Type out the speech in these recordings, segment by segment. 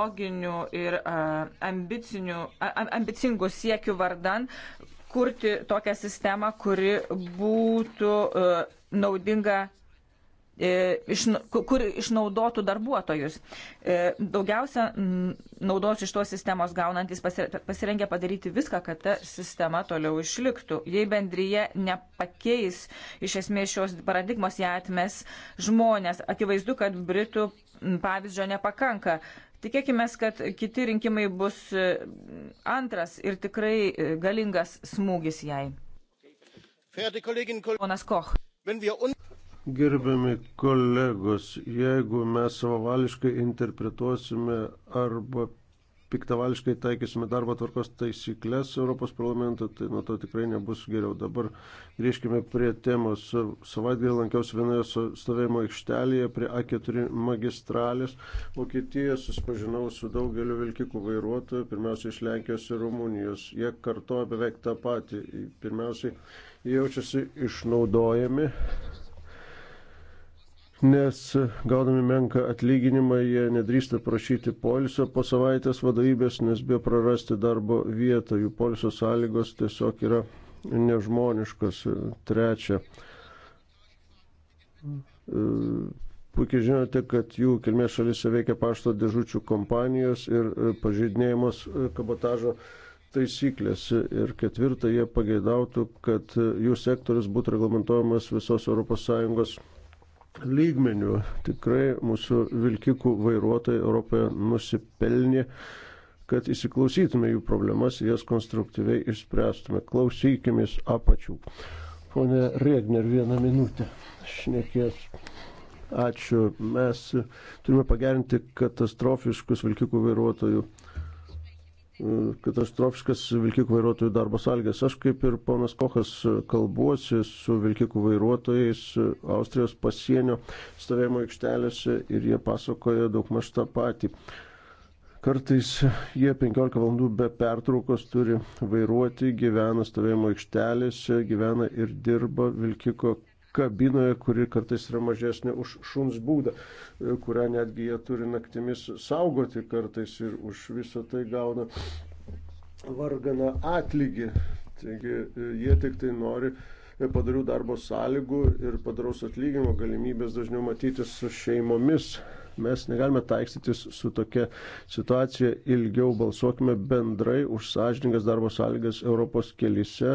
loginių ir e, ambicinių, ambicingų siekių vardan kurti tokią sistemą, kuri būtų e, naudinga e, Iš, kur išnaudotų darbuotojus. Daugiausia naudos iš tos sistemos gaunantis pasirengia padaryti viską, kad ta sistema toliau išliktų. Jei bendryje nepakeis iš esmės šios paradigmos, ją atmes žmonės. Akivaizdu, kad Britų pavyzdžio nepakanka. Tikėkime, kad kiti rinkimai bus e, antras ir tikrai e, galingas smūgis jai. Ponas Koch. Gerbiami kolegos, jeigu mes savavališkai interpretuosime arba piktavališkai taikysime darbo tvarkos taisyklės Europos parlamento, tai nuo to tikrai nebus geriau. Dabar grįžkime prie temos. Savaitgalį lankiausi vienoje stovėjimo aikštelėje prie A4 magistralės. Vokietijoje susipažinau su daugeliu vilkikų vairuotojų, pirmiausia iš Lenkijos ir Rumunijos. Jie kartoja beveik tą patį. Pirmiausiai jaučiasi išnaudojami nes gaudami menką atlyginimą jie nedrįsta prašyti poliso po savaitės vadovybės, nes bijo prarasti darbo vietą, jų poliso sąlygos tiesiog yra nežmoniškas. Trečia, puikiai žinote, kad jų kilmės šalise veikia pašto dėžučių kompanijos ir pažeidinėjimas kabotažo taisyklės. Ir ketvirta, jie pageidautų, kad jų sektorius būtų reglamentojamas visos ES lygmenių. Tikrai mūsų vilkikų vairuotojai Europoje nusipelnė, kad įsiklausytume jų problemas ir jas konstruktyviai išspręstume. Klausykimės apačių. Pone Regner, vieną minutę. Šnekės. Ačiū. Mes turime pagerinti katastrofiškus vilkikų vairuotojų katastrofiškas vilkikų vairuotojų darbo sąlygas. Aš kaip ir ponas Kochas kalbuosi su vilkikų vairuotojais Austrijos pasienio stovėjimo aikštelėse ir jie pasakoja daug maž tą patį. Kartais jie 15 valandų be pertraukos turi vairuoti, gyvena stovėjimo aikštelėse, gyvena ir dirba vilkiko kabinoje, kuri kartais yra mažesnė už šuns būdą, e, kurią netgi jie turi naktimis saugoti kartais ir už visą tai gauna varganą atlygį. Taigi e, jie tik tai nori e, padarių darbo sąlygų ir padaraus atlyginimo galimybės dažniau matyti su šeimomis. Mes negalime taikstytis su tokia situacija ilgiau balsuokime bendrai už sąžiningas darbo sąlygas Europos kelyse,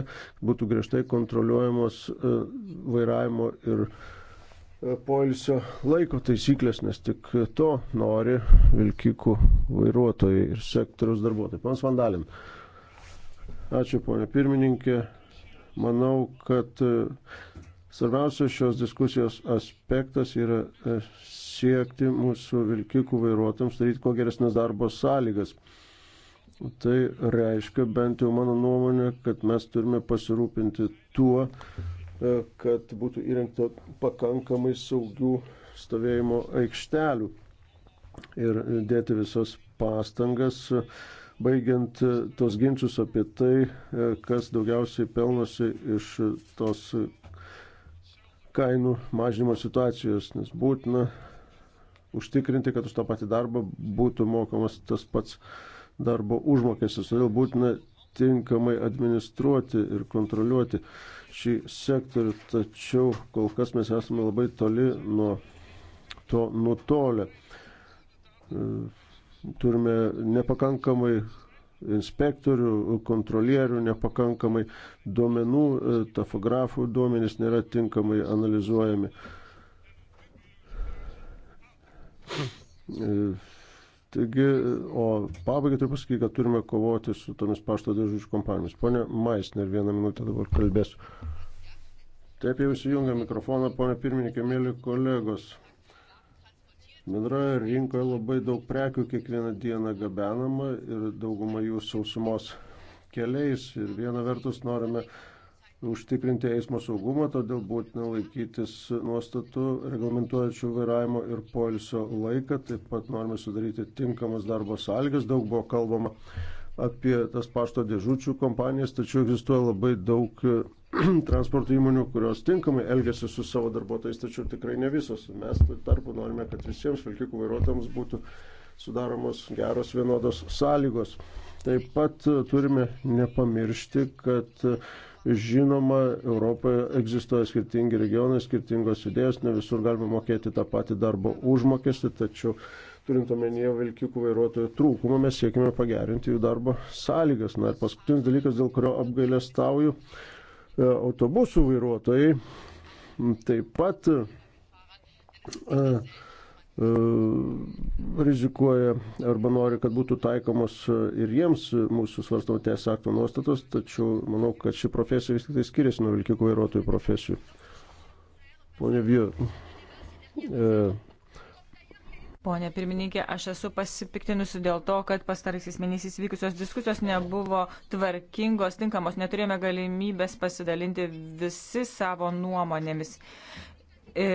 būtų griežtai kontroliuojamos e, vairavimo ir e, poilsio laiko taisyklės, nes tik to nori vilkikų vairuotojai ir sektoriaus darbuotojai. Pans Vandalin. Ačiū, ponė pirmininkė. Manau, kad e, Svarbiausias šios diskusijos aspektas yra e, siekti mūsų vilkikų vairuotams daryti kuo geresnės darbo sąlygas. Tai reiškia, bent jau mano nuomonė, kad mes turime pasirūpinti tuo, e, kad būtų įrengta pakankamai saugių stovėjimo aikštelių ir dėti visas pastangas, baigiant e, tos ginčius apie tai, kas daugiausiai pelnosi iš tos kainų mažinimo situacijos, nes būtina užtikrinti, kad už tą patį darbą būtų mokamas tas pats darbo užmokestis. Todėl būtina tinkamai administruoti ir kontroliuoti šį sektorių, tačiau kol kas mes esame labai toli nuo to nutolę. Turime nepakankamai inspektorių, kontrolierių, nepakankamai duomenų, e, tafografų duomenys nėra tinkamai analizuojami. E, taigi, o pabaigai turiu pasakyti, kad turime kovoti su tomis pašto dėžučių kompanijomis. Pone Maisner, vieną minutę dabar kalbėsiu. Taip jau įsijungia mikrofoną, ponė pirmininkė, mėly kolegos. Bendroje rinkoje labai daug prekių kiekvieną dieną gabenama ir dauguma jų sausumos keliais. Ir viena vertus norime užtikrinti eismo saugumą, todėl būtina laikytis nuostatų reglamentuojančių vairavimo ir poilsio laiką. Taip pat norime sudaryti tinkamas darbo sąlygas. Daug buvo kalbama apie tas pašto dėžučių kompanijas, tačiau egzistuoja labai daug e, transporto įmonių, kurios tinkamai elgesi su savo darbuotojais, tačiau tikrai ne visos. Mes tarpu norime, kad visiems vilkikų vairuotojams būtų sudaromos geros vienodos sąlygos. Taip pat e, turime nepamiršti, kad e, žinoma, Europoje egzistuoja skirtingi regionai, skirtingos idėjos, ne visur galima mokėti tą patį darbo užmokestį, tačiau turint omenyje vilkikų vairuotojų trūkumą, mes siekime pagerinti jų darbo sąlygas. Na ir paskutinis dalykas, dėl kurio apgailestauju, e, autobusų vairuotojai taip pat a, e, a, e, rizikuoja arba nori, kad būtų taikomos ir jiems mūsų svarstamo teisės akto nuostatos, tačiau manau, kad ši profesija vis tik tai skiriasi nuo vilkikų vairuotojų profesijų. Pone Vijot. E, Pone pirmininkė, aš esu pasipiktinusi dėl to, kad pastaraisiais mėnesiais vykusios diskusijos nebuvo tvarkingos, tinkamos, neturėjome galimybės pasidalinti visi savo nuomonėmis. E,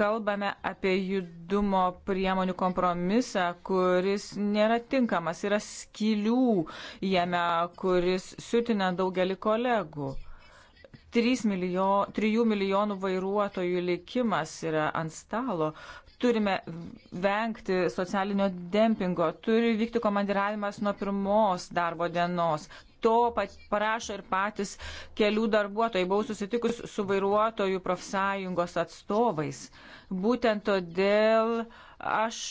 kalbame apie judumo priemonių kompromisą, kuris nėra tinkamas, yra skilių jame, kuris sutina daugelį kolegų. 3 milijon, 3 milijonų vairuotojų likimas yra ant stalo turime vengti socialinio dempingo, turi vykti komandiravimas nuo pirmos darbo dienos. To parašo ir patys kelių darbuotojai. Buvau susitikus su vairuotojų profsąjungos atstovais. Būtent todėl aš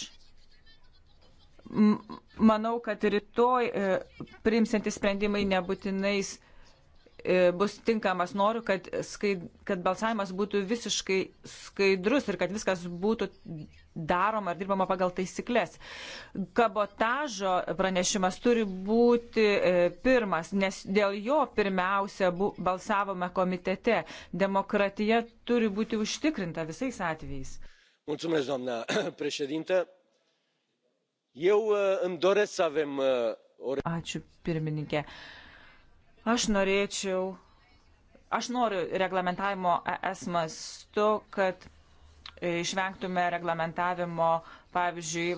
manau, kad rytoj e, primsinti sprendimai nebūtinais E, bus tinkamas. Noriu, kad, skaid, kad balsavimas būtų visiškai skaidrus ir kad viskas būtų daroma ar dirbama pagal taisyklės. Kabotažo pranešimas turi būti e, pirmas, nes dėl jo pirmiausia bu, balsavome komitete. Demokratija turi būti užtikrinta visais atvejais. Mulțumesc, doamna președintă. Eu e, îmi doresc să avem o. Ačiū, pirmininkė. Uh, Aš norėčiau, aš noriu reglamentavimo ES mastu, kad išvengtume reglamentavimo, pavyzdžiui,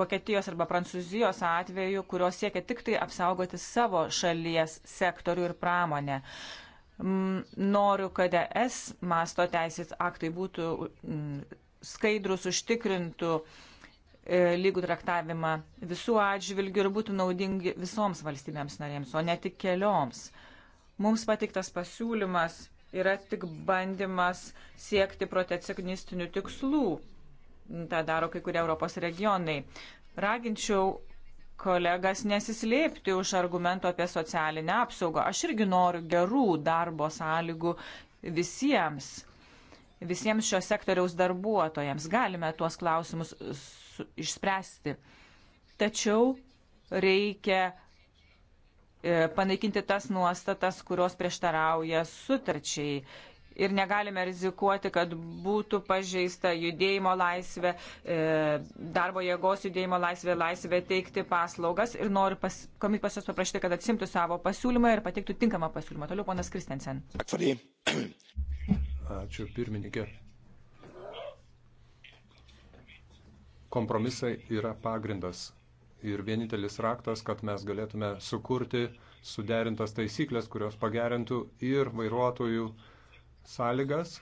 Vokietijos arba Prancūzijos atveju, kurios siekia tik tai apsaugoti savo šalies sektorių ir pramonę mm, noriu, kad es masto teisės aktai būtų mm, skaidrus, užtikrintų E, lygų traktavimą visų atžvilgių ir būtų naudingi visoms valstybėms narėms, o ne tik kelioms. Mums pateiktas pasiūlymas yra tik bandymas siekti protekcionistinių tikslų. Ta daro kai kurie Europos regionai. Raginčiau kolegas nesislėpti už argumento apie socialinę apsaugą. Aš irgi noriu gerų darbo sąlygų visiems visiems šio sektoriaus darbuotojams. Galime tuos klausimus uh, išspręsti. Tačiau reikia e, panaikinti tas nuostatas, kurios prieštarauja sutarčiai. Ir negalime rizikuoti, kad būtų pažeista judėjimo laisvė, e, darbo jėgos judėjimo laisvė, laisvė teikti paslaugas. Ir noriu pas, komisijos paprašyti, kad atsimtų savo pasiūlymą ir pateiktų tinkamą pasiūlymą. Toliau ponas Kristensen. Ačiū pirmininkė. Kompromisai yra pagrindas ir vienintelis raktas, kad mes galėtume sukurti suderintas taisyklės, kurios pagerintų ir vairuotojų sąlygas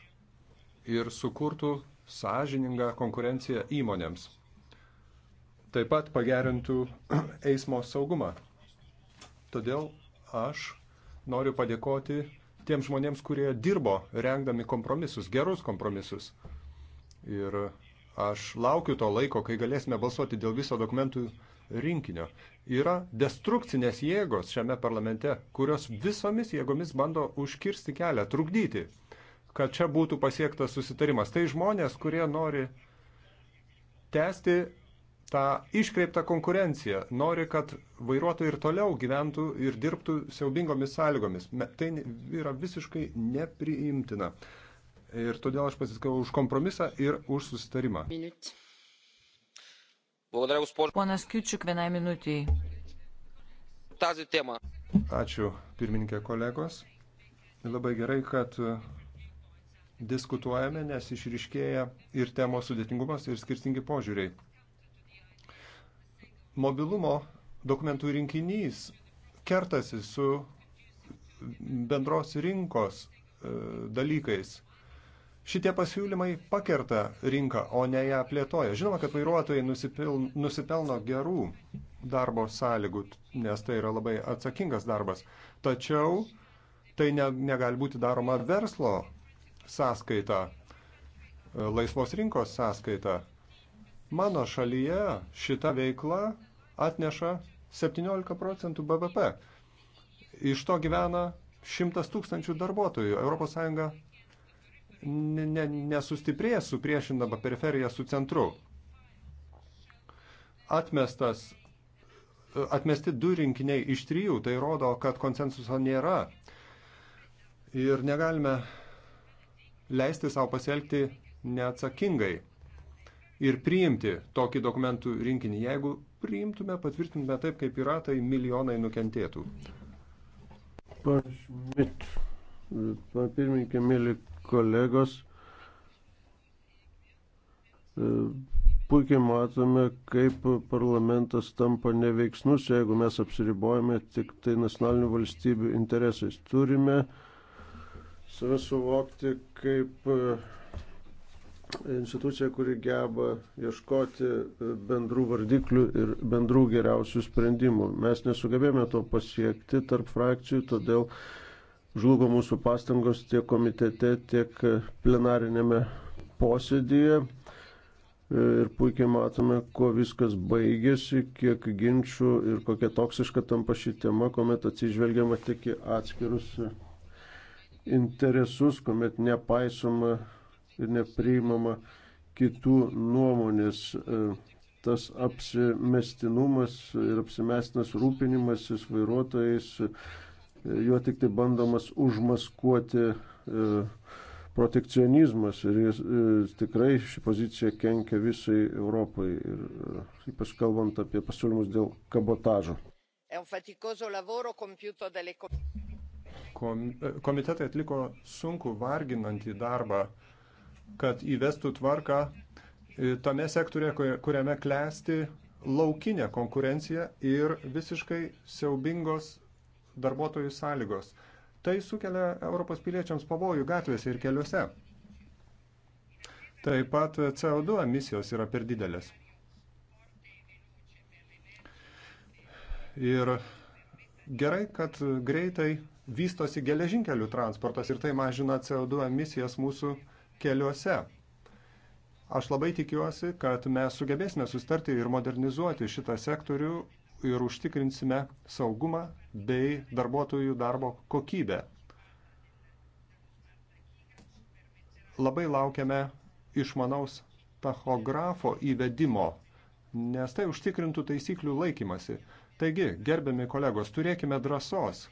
ir sukurtų sąžiningą konkurenciją įmonėms. Taip pat pagerintų eismo saugumą. Todėl aš noriu padėkoti tiem žmonėms, kurie dirbo rengdami kompromisus, gerus kompromisus. Ir aš laukiu to laiko, kai galėsime balsuoti dėl viso dokumentų rinkinio. Yra destrukcinės jėgos šiame parlamente, kurios visomis jėgomis bando užkirsti kelią, trukdyti, kad čia būtų pasiektas susitarimas. Tai žmonės, kurie nori tęsti tą iškreiptą konkurenciją, nori, kad vairuotojai ir toliau gyventų ir dirbtų siaubingomis sąlygomis. Tai yra visiškai nepriimtina. Ir todėl aš pasiskau už kompromisą ir už susitarimą. Ponas Kiučiuk, vienai minutiai. Ačiū, pirmininkė kolegos. Labai gerai, kad diskutuojame, nes išriškėja ir temos sudėtingumas, ir skirtingi požiūriai mobilumo dokumentų rinkinys kertasi su bendros rinkos e, dalykais. Šitie pasiūlymai pakerta rinką, o ne ją plėtoja. Žinoma, kad vairuotojai nusipelno gerų darbo sąlygų, nes tai yra labai atsakingas darbas. Tačiau tai ne, negali būti daroma verslo sąskaita, e, laisvos rinkos sąskaita. Mano šalyje šita veikla atneša 17 procentų BVP. Iš to gyvena 100 tūkstančių darbuotojų. ES nesustiprės supriešindama periferiją su centru. Atmestas, atmesti du rinkiniai iš trijų, tai rodo, kad konsensuso nėra. Ir negalime leisti savo pasielgti neatsakingai ir priimti tokį dokumentų rinkinį, jeigu priimtume, patvirtintume taip, kaip yra, tai milijonai nukentėtų. Pašmit, pirmininkė, mėly kolegos, e, puikiai matome, kaip parlamentas tampa neveiksnus, jeigu mes apsiribojame tik tai nacionalinių valstybių interesais. Turime save suvokti kaip e, institucija, kuri geba ieškoti e, bendrų vardiklių ir bendrų geriausių sprendimų. Mes nesugebėjome to pasiekti tarp frakcijų, todėl žlugo mūsų pastangos tiek komitete, tiek plenarinėme posėdėje. E, ir puikiai matome, kuo viskas baigėsi, kiek ginčių ir kokia toksiška tampa ši tema, kuomet atsižvelgiama tik į atskirus interesus, kuomet nepaisoma ir nepriimama kitų nuomonės. E, tas apsimestinumas ir apsimestinas rūpinimasis vairuotojais, e, juo tik tai bandomas užmaskuoti e, protekcionizmas ir jis, tikrai ši pozicija kenkia visai Europai ir ypač kalbant apie pasiūlymus dėl kabotažo. Komitetai atliko sunku varginantį darbą kad įvestų tvarką e, tame sektorėje, kuriame klesti laukinė konkurencija ir visiškai siaubingos darbuotojų sąlygos. Tai sukelia Europos piliečiams pavojų gatvėse ir keliuose. Taip pat CO2 emisijos yra per didelės. Ir gerai, kad greitai vystosi geležinkelių transportas ir tai mažina CO2 emisijas mūsų uh, keliuose. Aš labai tikiuosi, kad mes sugebėsime sustarti ir modernizuoti šitą sektorių ir užtikrinsime saugumą bei darbuotojų darbo kokybę. Labai laukiame išmanaus tachografo įvedimo, nes tai užtikrintų taisyklių laikymasi. Taigi, gerbiami kolegos, turėkime drąsos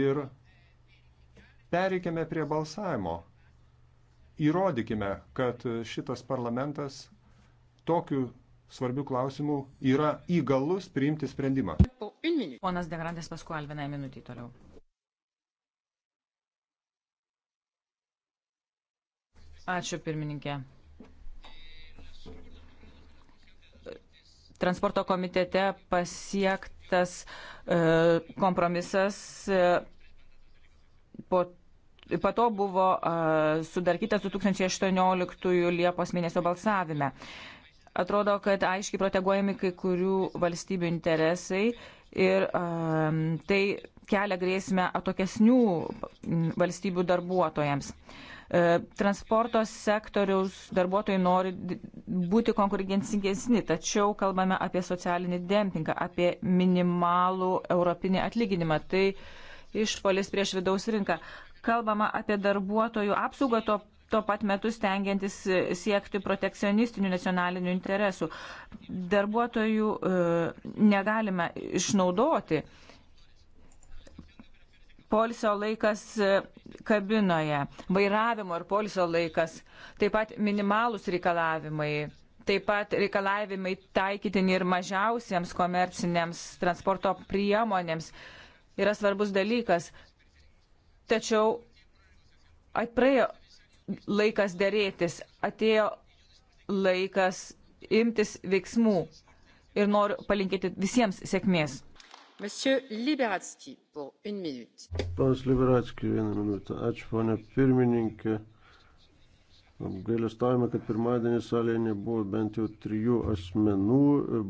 ir pereikime prie balsavimo. Įrodykime, kad šitas parlamentas tokiu svarbių klausimų yra įgalus priimti sprendimą. Ponas Degrandės paskui Alvinai minutį toliau. Ačiū pirmininkė. Transporto komitete pasiektas e, kompromisas e, po po to buvo sudarkytas 2018 Liepos mėnesio balsavime. Atrodo, kad aiškiai proteguojami kai kurių valstybių interesai ir um, tai kelia grėsmę atokesnių valstybių darbuotojams. E, transporto sektoriaus darbuotojai nori būti konkurencingesni, tačiau kalbame apie socialinį dempingą, apie minimalų europinį atlyginimą. Tai išpolis prieš vidaus rinką kalbama apie darbuotojų apsaugą to, tuo pat metu stengiantis e, siekti protekcionistinių nacionalinių interesų. Darbuotojų e, negalime išnaudoti. Polsio laikas e, kabinoje, vairavimo ir polsio laikas, taip pat minimalūs reikalavimai, taip pat reikalavimai taikytini ir mažiausiems komerciniams transporto priemonėms yra svarbus dalykas. Tačiau praėjo laikas dėrėtis, atėjo laikas imtis veiksmų ir noriu palinkėti visiems sėkmės. Liberatski, Ponas Liberatski, vieną minutę. Ačiū, ponė pirmininkė. Apgailestavome, kad pirmadienį salėje nebuvo bent jau trijų asmenų,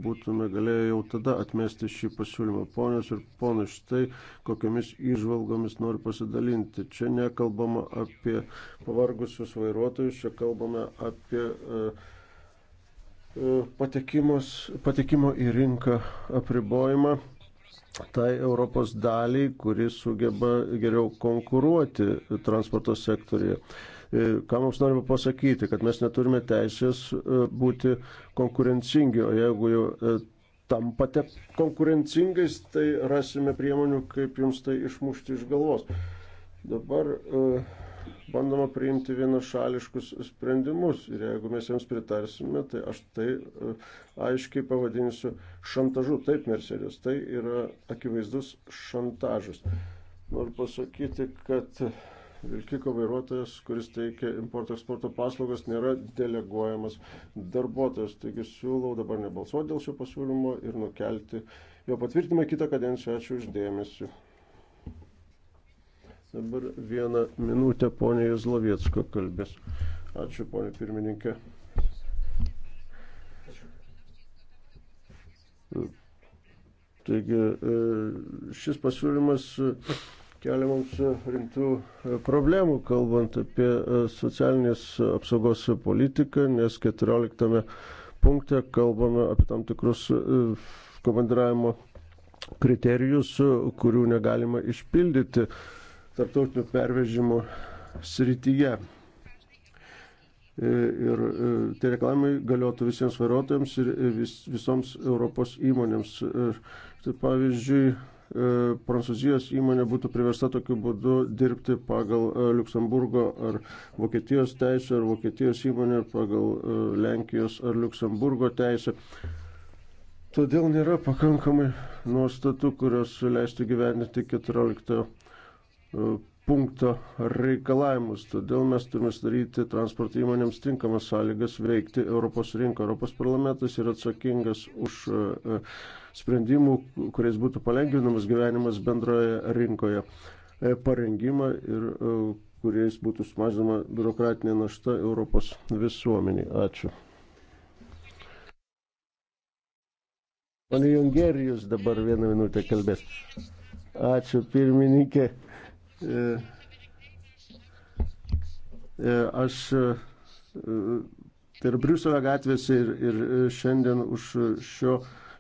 būtume galėję jau tada atmesti šį pasiūlymą. Ponios ir ponai, štai kokiamis išvalgomis noriu pasidalinti. Čia nekalbama apie pavargusius vairuotojus, čia kalbame apie uh, patekimo į rinką apribojimą tai Europos daliai, kuri sugeba geriau konkuruoti transporto sektorijoje. E, ką mums norime pasakyti, kad mes neturime teisės e, būti konkurencingi, o jeigu jau e, tampate konkurencingais, tai rasime priemonių, kaip jums tai išmušti iš galvos. Dabar bandoma priimti vienašališkus sprendimus ir jeigu mes jiems pritarsime, tai aš tai aiškiai pavadinsiu šantažu. Taip, Mercedes, tai yra akivaizdus šantažas. Noriu pasakyti, kad vilkiko vairuotojas, kuris teikia importo eksporto paslaugas, nėra deleguojamas darbuotojas. Taigi siūlau dabar nebalsuoti dėl šio pasiūlymo ir nukelti jo patvirtinimą kitą kadenciją. Ačiū uždėmesi. Dabar vieną minutę ponė Jazlovietsko kalbės. Ačiū ponė pirmininkė. Taigi e, šis pasiūlymas kelia mums e, rimtų e, problemų, kalbant apie e, socialinės apsaugos politiką, nes 14 punkte kalbame apie tam tikrus komandiravimo kriterijus, kurių negalima išpildyti tarptautinio pervežimo srityje. Ir tie reklamai galiotų visiems vairuotojams ir vis, visoms Europos įmonėms. Štai pavyzdžiui, E, prancūzijos įmonė būtų priversta tokiu būdu dirbti pagal e, Luksemburgo ar Vokietijos teisę, ar Vokietijos įmonė pagal e, Lenkijos ar Luksemburgo teisę. Todėl nėra pakankamai nuostatų, kurios leistų gyveninti 14 punkto reikalavimus. Todėl mes turime sudaryti transporto įmonėms tinkamas sąlygas veikti Europos rinką. Europos parlamentas yra atsakingas už e, sprendimų, kuriais būtų palengvinamas gyvenimas bendroje rinkoje e, parengimą ir e, kuriais būtų sumažinama biurokratinė našta Europos visuomeniai. Ačiū. Pane Jungerijus dabar vieną minutę kalbės. Ačiū pirmininkė. E, e, aš e, tai yra Briuselio gatvėse ir, ir šiandien už šio,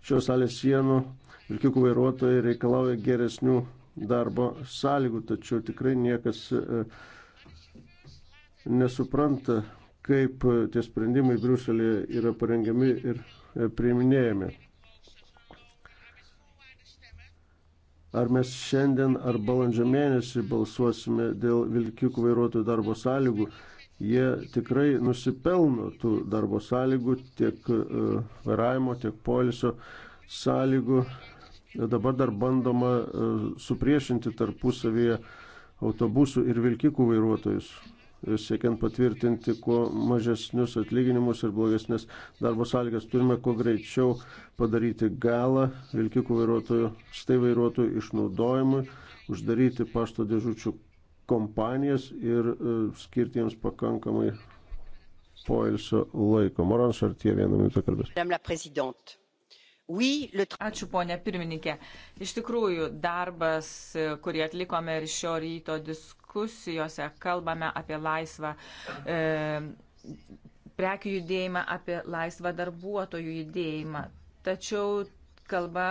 šios salės sienų vilkikų vairuotojai reikalauja geresnių darbo sąlygų, tačiau tikrai niekas nesupranta, kaip tie sprendimai Briuselėje yra parengiami ir priiminėjami. ar mes šiandien ar balandžio mėnesį balsuosime dėl vilkikų vairuotojų darbo sąlygų. Jie tikrai nusipelno tų darbo sąlygų, tiek e, vairavimo, tiek poliso sąlygų. Dabar dar bandoma e, supriešinti tarpusavyje autobusų ir vilkikų vairuotojus siekiant patvirtinti kuo mažesnius atlyginimus ir blogesnės darbo sąlygas. Turime kuo greičiau padaryti galą vilkikų vairuotojų, stai vairuotojų išnaudojimui, uždaryti pašto dėžučių kompanijas ir e, skirti jiems pakankamai poilsio laiko. Moran Šartie vieną minutę kalbės. Ačiū, ponė pirmininkė. Iš tikrųjų, darbas, kurį atlikome ir šio ryto diskusijos, diskusijose kalbame apie laisvą e, prekių judėjimą, apie laisvą darbuotojų judėjimą. Tačiau kalba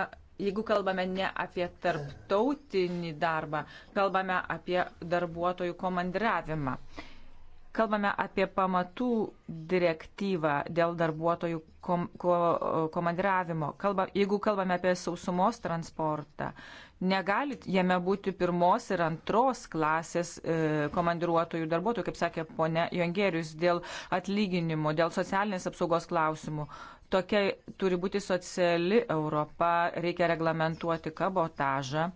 jeigu kalbame ne apie tarptautinį darbą, kalbame apie darbuotojų komandiravimą. Kalbame apie pamatų direktyvą dėl darbuotojų kom, ko, komandiravimo. Kalba, jeigu kalbame apie sausumos transportą, negali jame būti pirmos ir antros klasės e, komandiruotojų darbuotojų, kaip sakė ponė Jongerius, dėl atlyginimo, dėl socialinės apsaugos klausimų. Tokia turi būti sociali Europa, reikia reglamentuoti kabotažą,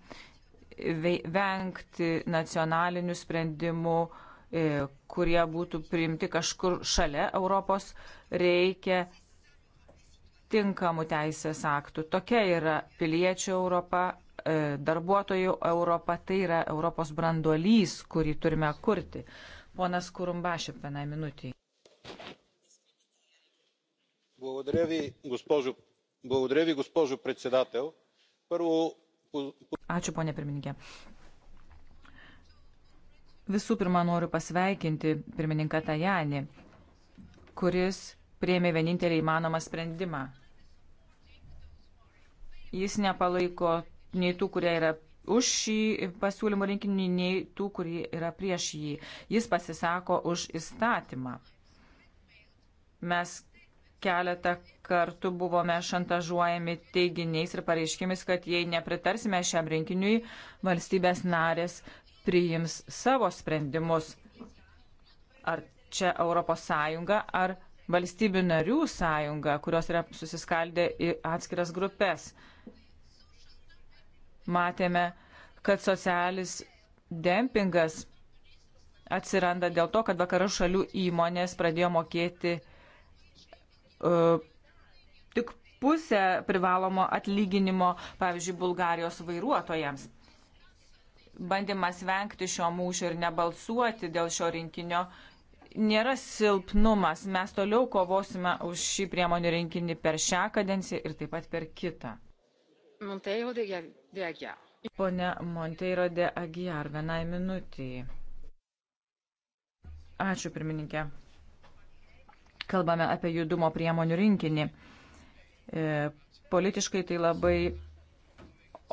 vengti nacionalinių sprendimų E, kurie būtų priimti kažkur šalia Europos, reikia tinkamų teisės aktų. Tokia yra piliečių Europa, e, darbuotojų Europa, tai yra Europos branduolys, kurį turime kurti. Ponas Kurumbašė, vienai minutį. Ačiū, ponė pirmininkė. Visų pirma, noriu pasveikinti pirmininką Tajani, kuris prieimė vienintelį įmanomą sprendimą. Jis nepalaiko nei tų, kurie yra už šį pasiūlymų rinkinį, nei tų, kurie yra prieš jį. Jis pasisako už įstatymą. Mes keletą kartų buvome šantažuojami teiginiais ir pareiškimis, kad jei nepritarsime šiam rinkiniui, valstybės narės priims savo sprendimus. Ar čia Europos Sąjunga, ar valstybių narių sąjunga, kurios yra susiskaldę į atskiras grupės. Matėme, kad socialis dempingas atsiranda dėl to, kad vakarų šalių įmonės pradėjo mokėti uh, tik pusę privalomo atlyginimo, pavyzdžiui, Bulgarijos vairuotojams bandymas vengti šio mūšio ir nebalsuoti dėl šio rinkinio nėra silpnumas. Mes toliau kovosime už šį priemonių rinkinį per šią kadenciją ir taip pat per kitą. Monteiro de Aguiar. Pone Monteiro de Aguiar, vienai minutiai. Ačiū, pirmininkė. Kalbame apie judumo priemonių rinkinį. E, politiškai tai labai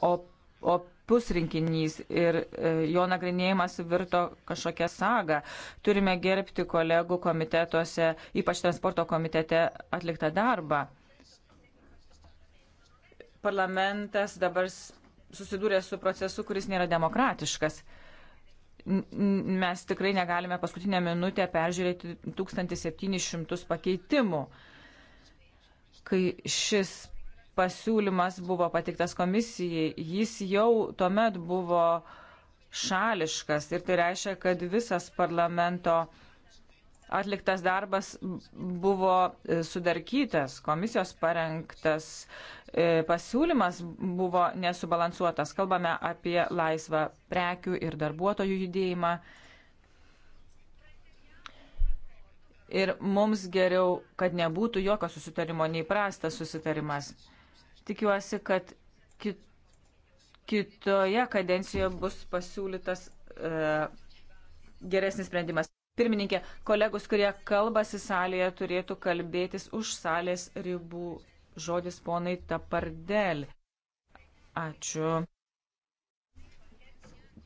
op, op, pusrinkinys ir e, jo nagrinėjimas virto kažkokią sagą. Turime gerbti kolegų komitetuose, ypač transporto komitete, atliktą darbą. Parlamentas dabar susidūrė su procesu, kuris nėra demokratiškas. Mes tikrai negalime paskutinę minutę peržiūrėti 1700 pakeitimų. Kai šis pasiūlymas buvo patiktas komisijai, jis jau tuomet buvo šališkas ir tai reiškia, kad visas parlamento atliktas darbas buvo e, sudarkytas, komisijos parengtas e, pasiūlymas buvo nesubalansuotas. Kalbame apie laisvą prekių ir darbuotojų judėjimą. Ir mums geriau, kad nebūtų jokio susitarimo, neįprastas susitarimas. Tikiuosi, kad kit, kitoje kadencijoje bus pasiūlytas e, geresnis sprendimas. Pirmininkė, kolegus, kurie kalbasi salėje, turėtų kalbėtis už salės ribų. Žodis ponai tapardel. Ačiū.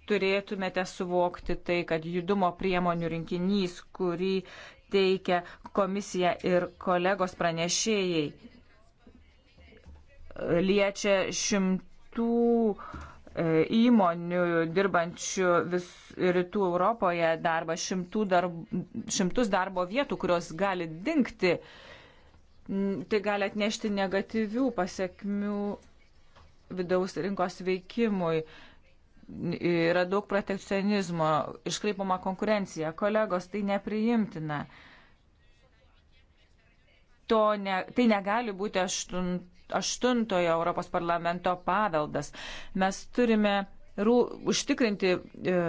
Turėtumėte suvokti tai, kad judumo priemonių rinkinys, kurį teikia komisija ir kolegos pranešėjai, liečia šimtų e, įmonių dirbančių vis rytų Europoje darbą, šimtų darb, šimtus darbo vietų, kurios gali dinkti. Mm, tai gali atnešti negatyvių pasiekmių vidaus rinkos veikimui. Yra daug protekcionizmo, iškreipama konkurencija. Kolegos, tai nepriimtina. To ne, tai negali būti aštunt aštuntojo Europos parlamento paveldas. Mes turime rū, užtikrinti e,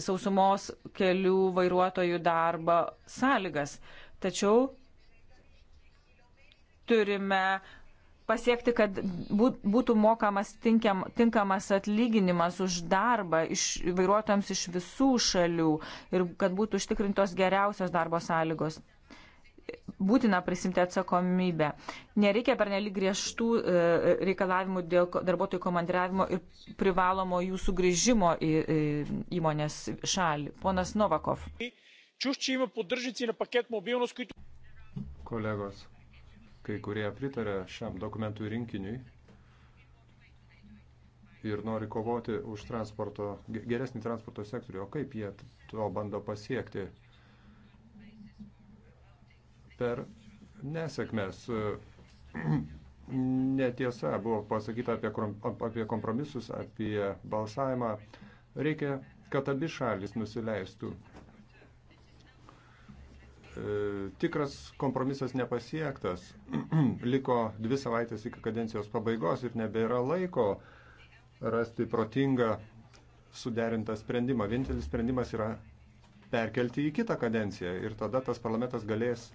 sausumos kelių vairuotojų darbo sąlygas. Tačiau turime pasiekti, kad būtų mokamas tinkiam, tinkamas atlyginimas už darbą iš vairuotojams iš visų šalių ir kad būtų užtikrintos geriausios darbo sąlygos būtina prisimti atsakomybę. Nereikia pernelik griežtų e, reikalavimų dėl darbuotojų komandiravimo ir privalomo jų sugrįžimo į įmonės šalį. Ponas Novakov. Kolegos, kai kurie pritarė šiam dokumentų rinkiniui ir nori kovoti už transporto, geresnį transporto sektorių, o kaip jie to bando pasiekti? per nesėkmes. Netiesa buvo pasakyta apie, apie kompromisus, apie balsavimą. Reikia, kad abi šalis nusileistų. E, tikras kompromisas nepasiektas. Liko dvi savaitės iki kadencijos pabaigos ir nebėra laiko rasti protingą suderintą sprendimą. Vienintelis sprendimas yra perkelti į kitą kadenciją ir tada tas parlamentas galės uh,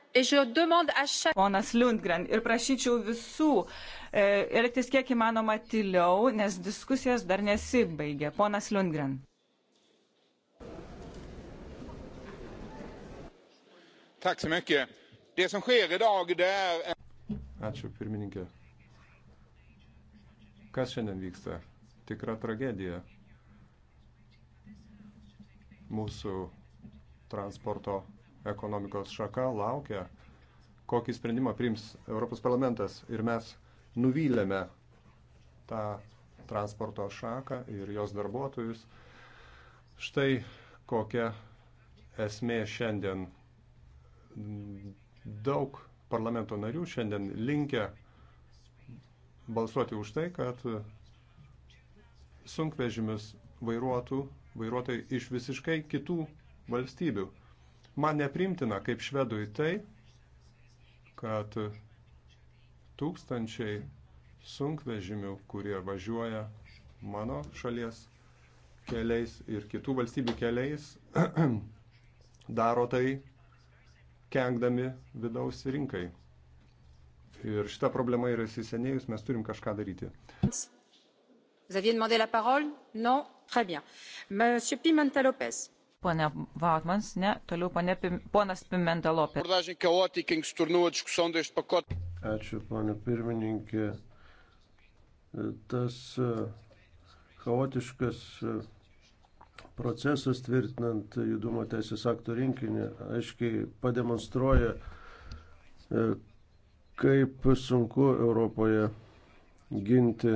Ponas Lundgren, ir prašyčiau visų e, elgtis kiek įmanoma tyliau, nes diskusijos dar nesibaigė. Ponas Lundgren. Ačiū pirmininkė. Kas šiandien vyksta? Tikra tragedija. Mūsų transporto ekonomikos šaka laukia, kokį sprendimą priims Europos parlamentas. Ir mes nuvylėme tą transporto šaką ir jos darbuotojus. Štai kokia esmė šiandien. Daug parlamento narių šiandien linkia balsuoti už tai, kad sunkvežimius vairuotų vairuotojai iš visiškai kitų valstybių. Man neprimtina kaip švedui tai, kad tūkstančiai sunkvežimių, kurie važiuoja mano šalies keliais ir kitų valstybių keliais, daro tai kenkdami vidaus rinkai. Ir šita problema yra įsisenėjus, mes turim kažką daryti. Vous aviez demandé la parole Non Très bien. Monsieur Pimentel Lopez. Pone Vautmans, ne, toliau pone, ponas Pimenta Lopė. Ačiū, ponė pirmininkė. Tas e, chaotiškas e, procesas tvirtinant judumo teisės aktų rinkinį aiškiai pademonstruoja, e, kaip sunku Europoje ginti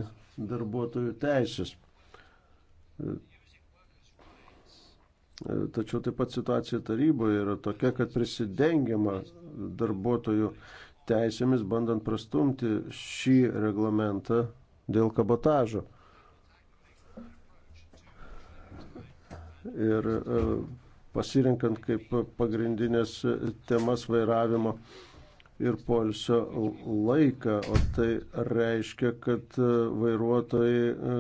darbuotojų teisės. E, tačiau taip pat situacija taryboje yra tokia, kad prisidengiama darbuotojų teisėmis, bandant prastumti šį reglamentą dėl kabotažo. Ir e, pasirinkant kaip pagrindinės temas vairavimo ir polsio laiką, o tai reiškia, kad e, vairuotojai e,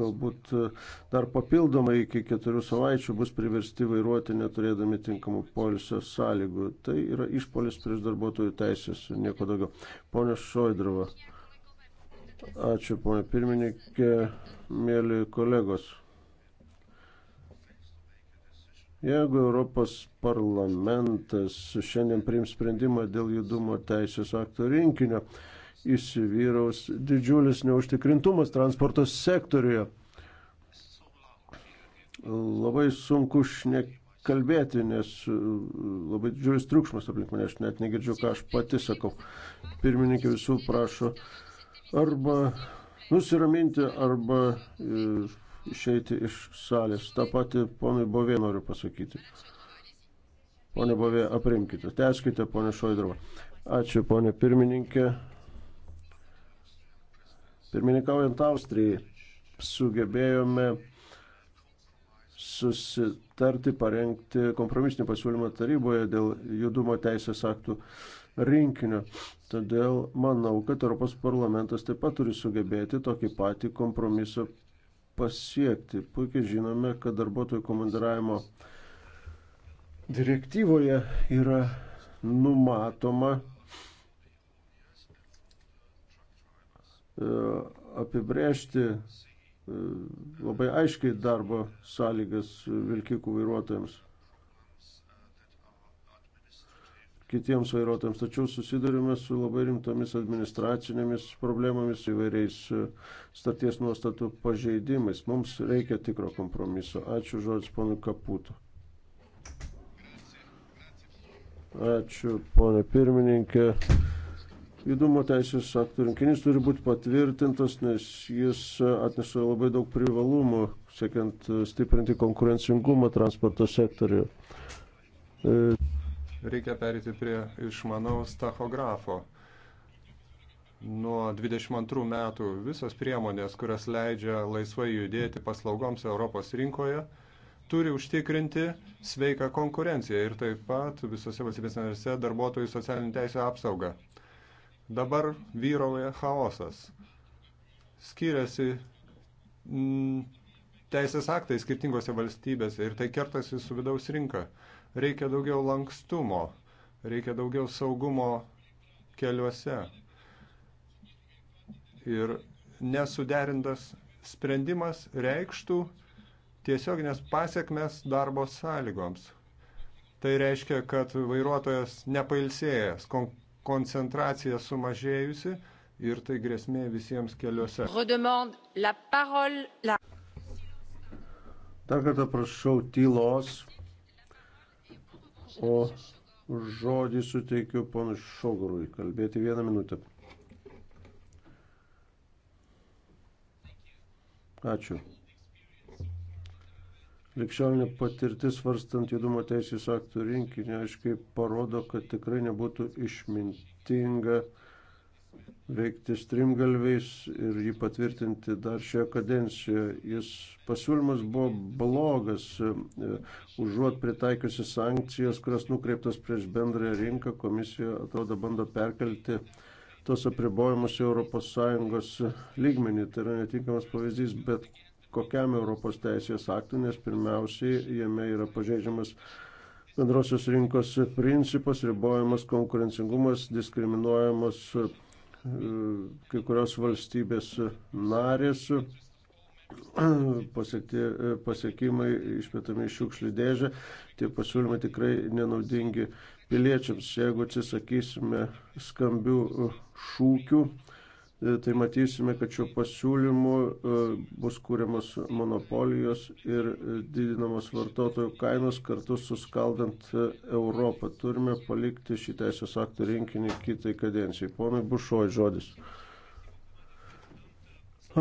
galbūt e, dar papildomai iki keturių savaičių bus priversti vairuoti neturėdami tinkamų polsio sąlygų. Tai yra išpolis prieš darbuotojų teisės ir nieko daugiau. Pone Šoidrova. Ačiū, ponė pirmininkė, mėly kolegos. Jeigu Europos parlamentas šiandien priims sprendimą dėl judumo teisės aktų rinkinio, įsivyraus didžiulis neužtikrintumas transporto sektoriuje. Labai sunku šnekėti kalbėti, nes labai didžiulis triukšmas aplink mane, aš net negirdžiu, ką aš pati sakau. Pirmininkė visų prašo arba nusiraminti, arba e, išeiti iš salės. Ta pati ponui Bovė noriu pasakyti. Pone Bovė, aprimkite. Teskite, ponė Šoidrova. Ačiū, ponė pirmininkė. Pirmininkaujant Austrijai sugebėjome susitarti, parengti kompromisinį pasiūlymą taryboje dėl judumo teisės aktų rinkinio. Todėl manau, kad Europos parlamentas taip pat turi sugebėti tokį patį kompromiso pasiekti. Puikiai žinome, kad darbuotojų komandiravimo direktyvoje yra numatoma e, apibrėžti e, labai aiškiai darbo sąlygas vilkikų vairuotojams. kitiems vairuotojams. Tačiau susidurime su labai rimtomis administracinėmis problemomis įvairiais e, starties nuostatų pažeidimais. Mums reikia tikro kompromiso. Ačiū žodis ponui Kaputu. Ačiū ponė pirmininkė. Judumo teisės aktų rinkinys turi būti patvirtintas, nes jis atneša labai daug privalumų, siekiant stiprinti konkurencingumą transporto sektoriuje. E, reikia perėti prie išmanaus tachografo. Nuo 22 metų visos priemonės, kurias leidžia laisvai judėti paslaugoms Europos rinkoje, turi užtikrinti sveiką konkurenciją ir taip pat visose valstybės narėse darbuotojų socialinių teisų apsaugą. Dabar vyrauja chaosas. Skiriasi m, mm, teisės aktai skirtingose valstybėse ir tai kertasi su vidaus rinka. Reikia daugiau lankstumo, reikia daugiau saugumo keliuose. Ir nesuderintas sprendimas reikštų tiesioginės pasiekmes darbo sąlygoms. Tai reiškia, kad vairuotojas nepailsėjęs, kon koncentracija sumažėjusi ir tai grėsmė visiems keliuose. Dar kartą prašau tylos o žodį suteikiu ponui Šogurui kalbėti vieną minutę. Ačiū. Likščiolinė patirtis varstant judumo teisės aktų rinkinį aiškiai parodo, kad tikrai nebūtų išmintinga uh, veikti strimgalviais ir jį patvirtinti dar šioje kadencijoje. Jis pasiūlymas buvo blogas, e, užuot pritaikiusi sankcijas, kurios nukreiptos prieš bendrąją rinką, komisija atrodo bando perkelti tos apribojimus ES lygmenį. Tai yra netinkamas pavyzdys, bet kokiam Europos teisės aktui, nes pirmiausiai jame yra pažeidžiamas bendrosios rinkos principas, ribojamas konkurencingumas, diskriminuojamas Mm, kai kurios valstybės narės pasiekti, pasiekimai išmetami šiukšlių dėžę, tie pasiūlymai tikrai nenaudingi piliečiams. Jeigu atsisakysime skambių šūkių, E, tai matysime, kad šiuo pasiūlymu e, bus kūriamos monopolijos ir e, didinamos vartotojų kainos kartu suskaldant Europą. Turime palikti šį teisės aktų rinkinį kitai kadencijai. Ponai Bušoj žodis.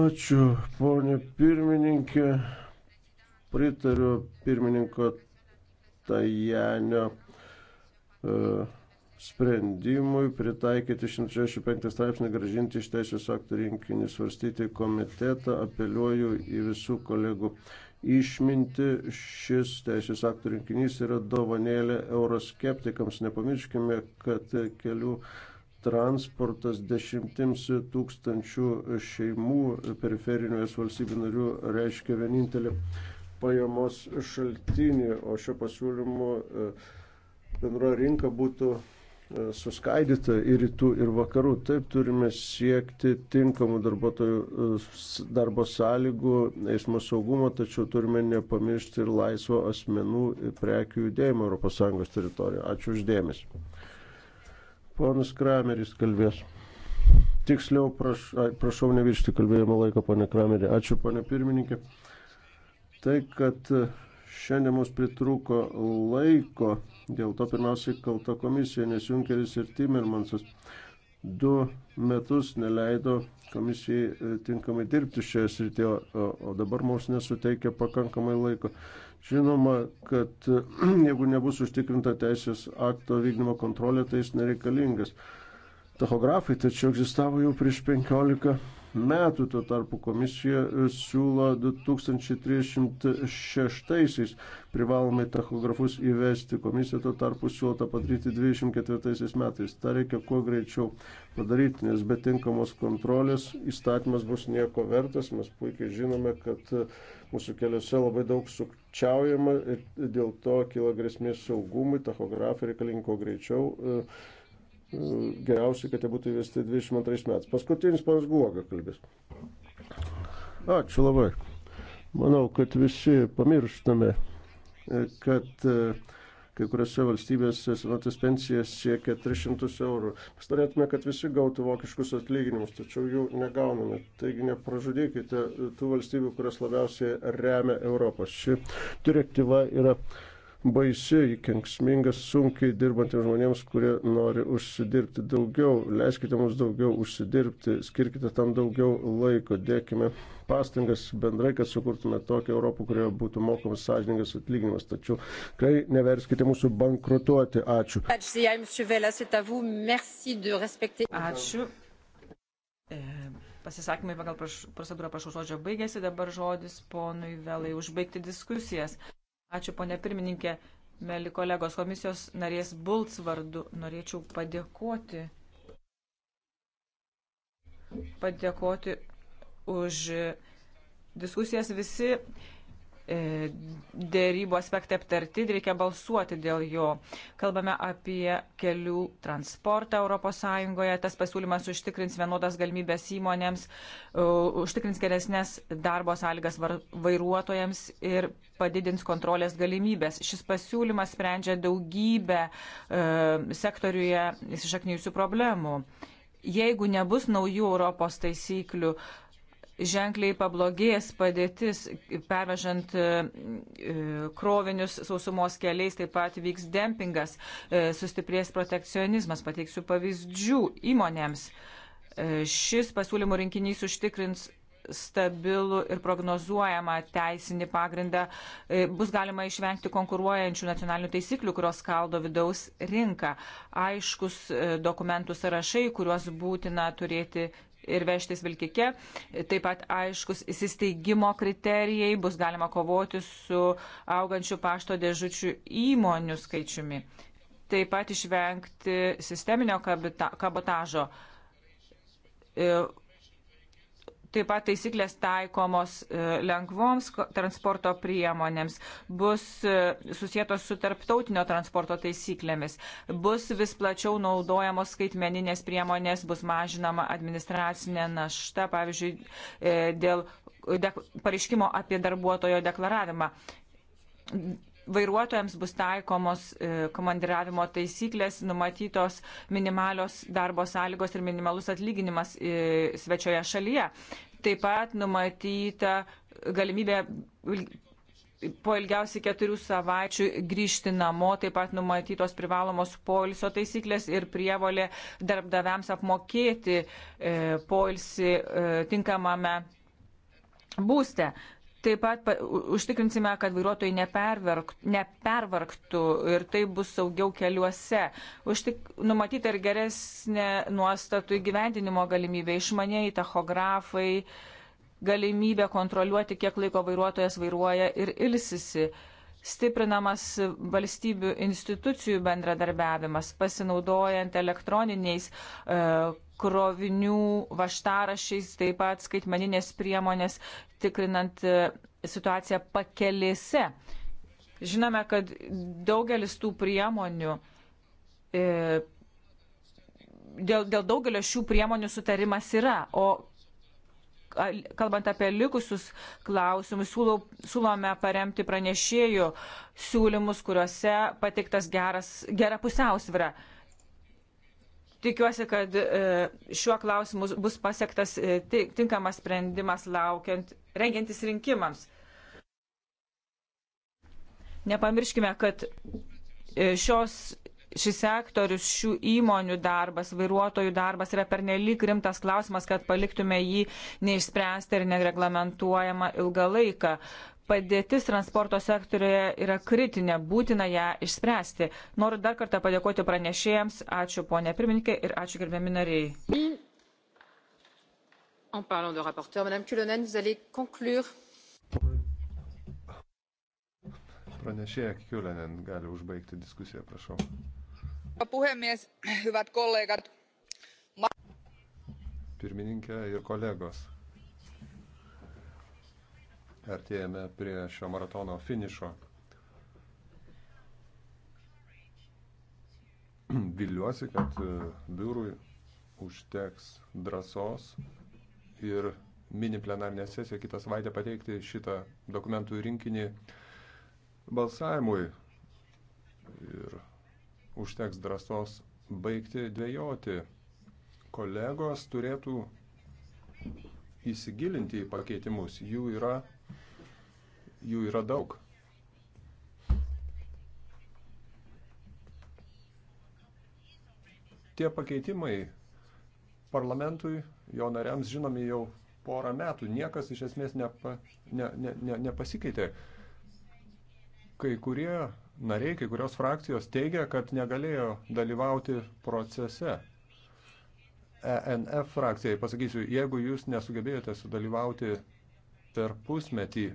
Ačiū, ponė pirmininkė. Pritariu pirmininko Tajanio. Uh, sprendimui pritaikyti 165 straipsnį gražinti iš teisės aktų rinkinį svarstyti komitetą. Apeliuoju į visų kolegų išminti. Šis teisės aktų rinkinys yra dovanėlė euroskeptikams. Nepamirškime, kad kelių transportas dešimtims tūkstančių šeimų periferinių valstybių narių reiškia vienintelį pajamos šaltinį, o šio pasiūlymo e, bendroji rinka būtų suskaidyta į rytų ir vakarų. Taip turime siekti tinkamų darbuotojų e, darbo sąlygų, eismo saugumo, tačiau turime nepamiršti ir laisvo asmenų prekių judėjimo ES teritorijoje. Ačiū uždėmesi. Ponas Krameris kalbės. Tiksliau, praš, prašau neviršti kalbėjimo laiko, ponė Kramerį. Ačiū, ponė pirmininkė. Tai, kad Šiandien mums pritruko laiko, dėl to pirmiausiai kalta komisija, nes Junkeris ir Timmermansas du metus neleido komisijai e, tinkamai dirbti šioje srityje, o dabar mums nesuteikia pakankamai laiko. Žinoma, kad e, jeigu nebus užtikrinta teisės akto vykdymo kontrolė, tai jis nereikalingas. Tachografai tačiau egzistavo jau prieš 15 metų, tuo tarpu komisija siūlo 2036 privalomai tachografus įvesti, komisija tuo tarpu siūlo tą padaryti 2024 metais. Ta reikia kuo greičiau padaryti, nes be tinkamos kontrolės įstatymas bus nieko vertas, mes puikiai žinome, kad mūsų keliuose labai daug sukčiaujama ir dėl to kyla grėsmės saugumui, tachografai reikalingi kuo greičiau. E, geriausia, kad jie būtų įvesti 22 metais. Paskutinis panas Guoga kalbės. Ačiū labai. Manau, kad visi pamirštame, e, kad e, kai kuriuose valstybėse senatis pensijas siekia 300 eurų. Mes norėtume, kad visi gautų vokiškus atlyginimus, tačiau jų negauname. Taigi nepražudykite tų valstybių, kurias labiausiai remia Europos. Ši direktyva yra baisi, kenksminga, sunkiai dirbantiems žmonėms, kurie nori užsidirbti daugiau. Leiskite mums daugiau užsidirbti, skirkite tam daugiau laiko, dėkime pastangas bendrai, kad sukurtume tokią Europą, kurioje būtų mokamas sąžininkas atlyginimas. Tačiau kai neverskite mūsų bankrutuoti. Ačiū. Ačiū. E, pasisakymai pagal procedūrą prašau žodžio baigėsi, dabar žodis ponui vėlai užbaigti diskusijas. Ačiū, ponė pirmininkė. Meli kolegos komisijos narės Bults vardu norėčiau padėkoti. Padėkoti už diskusijas visi E, dėrybų aspektai aptarti ir reikia balsuoti dėl jo. Kalbame apie kelių transportą ES. Tas pasiūlymas užtikrins vienodas galimybės įmonėms, e, užtikrins geresnės darbo sąlygas vairuotojams ir padidins kontrolės galimybės. Šis pasiūlymas sprendžia daugybę e, sektoriuje įsišaknyjusių problemų jeigu nebus naujų Europos taisyklių, ženkliai pablogės padėtis, pervežant e, e, krovinius sausumos keliais, taip pat vyks dempingas, e, sustiprės protekcionizmas, pateiksiu pavyzdžių įmonėms. Šis pasiūlymų rinkinys užtikrins stabilų ir prognozuojamą teisinį pagrindą, bus galima išvengti konkuruojančių nacionalinių taisyklių, kurios skaldo vidaus rinką. Aiškus dokumentų sąrašai, kuriuos būtina turėti ir vežtis vilkike. Taip pat aiškus įsisteigimo kriterijai bus galima kovoti su augančiu pašto dėžučių įmonių skaičiumi. Taip pat išvengti sisteminio kabita, kabotažo e, Taip pat taisyklės taikomos e, lengvoms transporto priemonėms bus e, susijėtos su tarptautinio transporto taisyklėmis, bus vis plačiau naudojamos skaitmeninės priemonės, bus mažinama administracinė našta, pavyzdžiui, e, dėl pareiškimo apie darbuotojo deklaravimą vairuotojams bus taikomos e, komandiravimo taisyklės, numatytos minimalios darbo sąlygos ir minimalus atlyginimas e, svečioje šalyje. Taip pat numatyta galimybė po ilgiausiai keturių savaičių grįžti namo, taip pat numatytos privalomos poilsio taisyklės ir prievolė darbdaviams apmokėti e, poilsį tinkamame būste. Taip pat užtikrinsime, kad vairuotojai nepervarktų ir tai bus saugiau keliuose. Užtik, numatyti ir geresnė nuostatų įgyvendinimo galimybė, išmaniai tachografai, galimybė kontroliuoti, kiek laiko vairuotojas vairuoja ir ilsisi. Stiprinamas valstybių institucijų bendradarbiavimas, pasinaudojant elektroniniais e, krovinių vaštarašiais, taip pat skaitmaninės priemonės, tikrinant e, situaciją pakelėse. Žinome, kad daugelis tų priemonių, e, dėl, dėl daugelio šių priemonių sutarimas yra, o kalbant apie likusius klausimus, siūlau, siūlome paremti pranešėjų siūlymus, kuriuose patiktas geras, gera pusiausvyra. Tikiuosi, kad e, šiuo klausimu bus pasiektas e, tinkamas sprendimas laukiant, rengiantis rinkimams. Nepamirškime, kad e, šios, šis sektorius, šių įmonių darbas, vairuotojų darbas yra pernelyg rimtas klausimas, kad paliktume jį neišspręsti ir nereglamentuojama ilgą laiką. Padėtis transporto sektorioje yra kritinė, būtina ją išspręsti. Noriu dar kartą padėkoti pranešėjams. Ačiū ponė pirmininkė ir ačiū gerbiami nariai. En parlant de rapporteur, Madame Culonen, vous allez conclure. Pranešėja Kiulenen gali užbaigti diskusiją, prašau. Puhemies, hyvät kollegat. Pirmininkė ir kolegos artėjame prie šio maratono finišo. Viliuosi, kad e, biurui užteks drąsos ir mini plenarinę sesiją kitą savaitę pateikti šitą dokumentų rinkinį balsavimui. Ir užteks drąsos baigti dvėjoti. Kolegos turėtų įsigilinti į pakeitimus. Jų yra jų yra daug. Tie pakeitimai parlamentui, jo nariams žinomi jau porą metų, niekas iš esmės nepa, ne, ne, ne, nepasikeitė. Kai kurie nariai, kai kurios frakcijos teigia, kad negalėjo dalyvauti procese. ENF frakcijai pasakysiu, jeigu jūs nesugebėjote sudalyvauti per pusmetį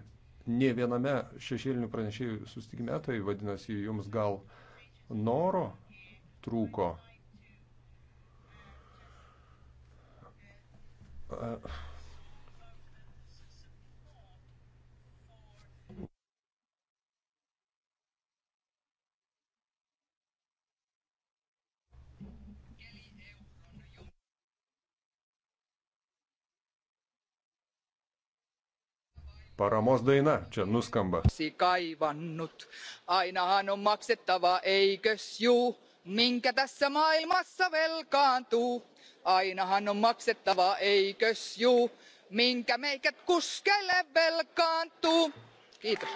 nie viename šešėlinių pranešėjų sustikime, tai vadinasi, jums gal noro trūko. paramos daina čia nuskamba. kaivannut. Ainahan on maksettava, eikös juu, minkä tässä maailmassa velkaantuu. Ainahan on maksettava, eikös juu, minkä meikät kuskeille velkaantuu. Kiitos.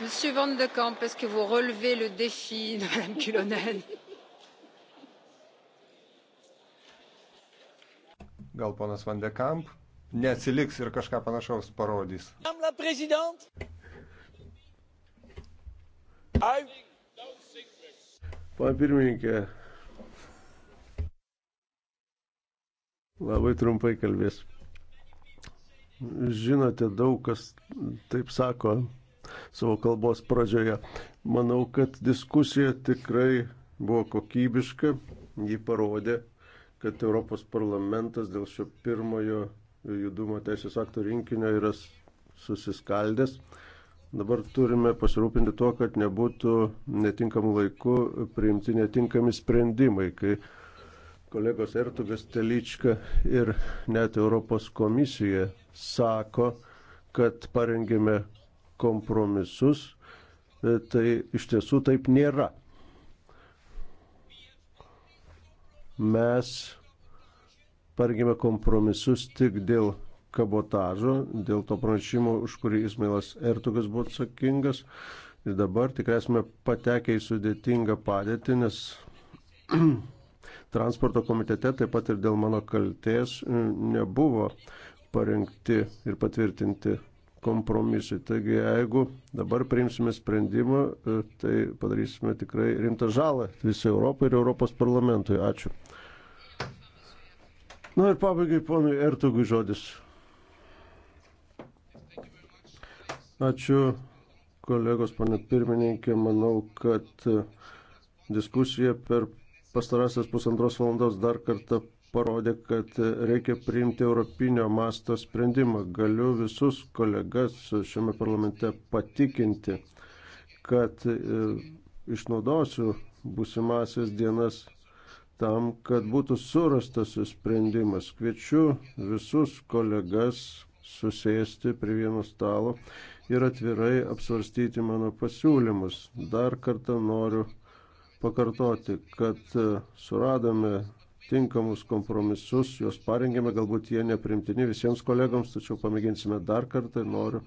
Monsieur Van de Kamp, est-ce que vous relevez le défi de Madame Culonen Gal ponas Vandekamp neatsiliks ir kažką panašaus parodys. Pana pirmininkė, labai trumpai kalbės. Žinote, daug kas taip sako savo kalbos pradžioje. Manau, kad diskusija tikrai buvo kokybiška, ji parodė kad Europos parlamentas dėl šio pirmojo judumo teisės aktų rinkinio yra susiskaldęs. Dabar turime pasirūpinti tuo, kad nebūtų netinkamų laikų priimti netinkami sprendimai, kai kolegos Ertugas Telička ir net Europos komisija sako, kad parengėme kompromisus, e, tai iš tiesų taip nėra. mes pargėme kompromisus tik dėl kabotažo, dėl to pranešimo, už kurį Ismailas Ertugas buvo atsakingas. Ir dabar tikrai esame patekę į sudėtingą padėtį, nes transporto komitete taip pat ir dėl mano kalties nebuvo parengti ir patvirtinti kompromisui. Taigi, jeigu dabar priimsime sprendimą, e, tai padarysime tikrai rimtą žalą visai Europai ir Europos parlamentui. Ačiū. Na ir pabaigai, ponui Ertugui žodis. Ačiū, kolegos, ponė pirmininkė. Manau, kad diskusija per pastarąsias pusantros valandos dar kartą parodė, kad reikia priimti europinio masto sprendimą. Galiu visus kolegas šiame parlamente patikinti, kad e, išnaudosiu busimasias dienas tam, kad būtų surastas sprendimas. Kviečiu visus kolegas susėsti prie vieno stalo ir atvirai apsvarstyti mano pasiūlymus. Dar kartą noriu pakartoti, kad e, suradome tinkamus kompromisus, juos parengėme, galbūt jie neprimtini visiems kolegams, tačiau pamėginsime dar kartą ir noriu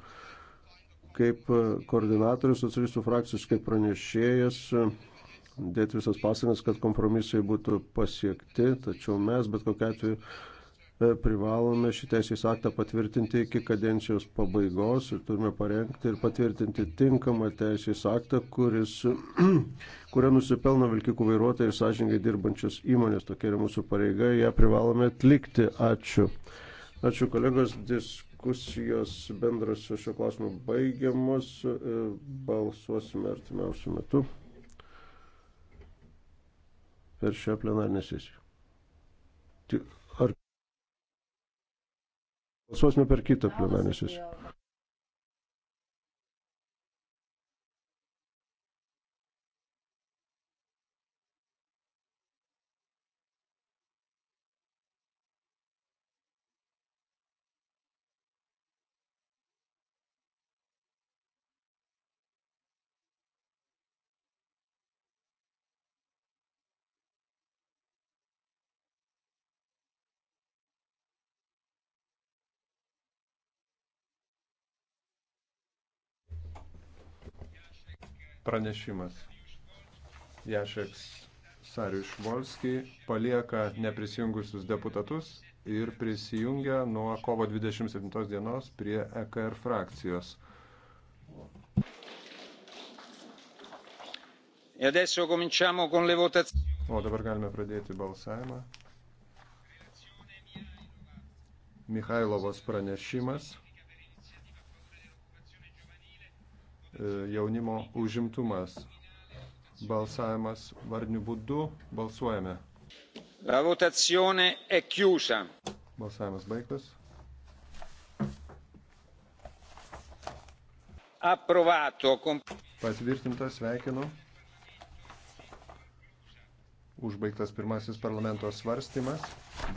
kaip e, koordinatorius socialistų frakcijos, kaip pranešėjas e, dėti visas pasakas, kad kompromisai būtų pasiekti, tačiau mes bet kokia atveju E, privalome šį teisės aktą patvirtinti iki kadencijos pabaigos ir turime parengti ir patvirtinti tinkamą teisės aktą, kuris, kurio nusipelno vilkikų vairuotojai ir sąžininkai dirbančios įmonės. Tokia yra mūsų pareiga, ją privalome atlikti. Ačiū. Ačiū kolegos, diskusijos bendras šio klausimo baigiamos. E, balsuosime artimiausiu metu per šią plenarinę sesiją. Tik. Balsuosime per kitą plenarinę sesiją. pranešimas. Jašeks Sarius Volski palieka neprisijungusius deputatus ir prisijungia nuo kovo 27 dienos prie EKR frakcijos. E o dabar galime pradėti balsavimą. Mihailovos pranešimas. E, jaunimo užimtumas. Balsavimas varnių būdu. Balsuojame. La votazione è chiusa. Balsavimas baigtas. Approvato. Patvirtinta, sveikinu. Užbaigtas pirmasis parlamento svarstymas.